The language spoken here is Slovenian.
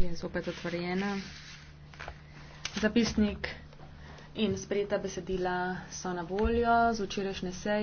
je zopet otvorjena. Zapisnik in sprejeta besedila so na voljo z včerajšnje seje.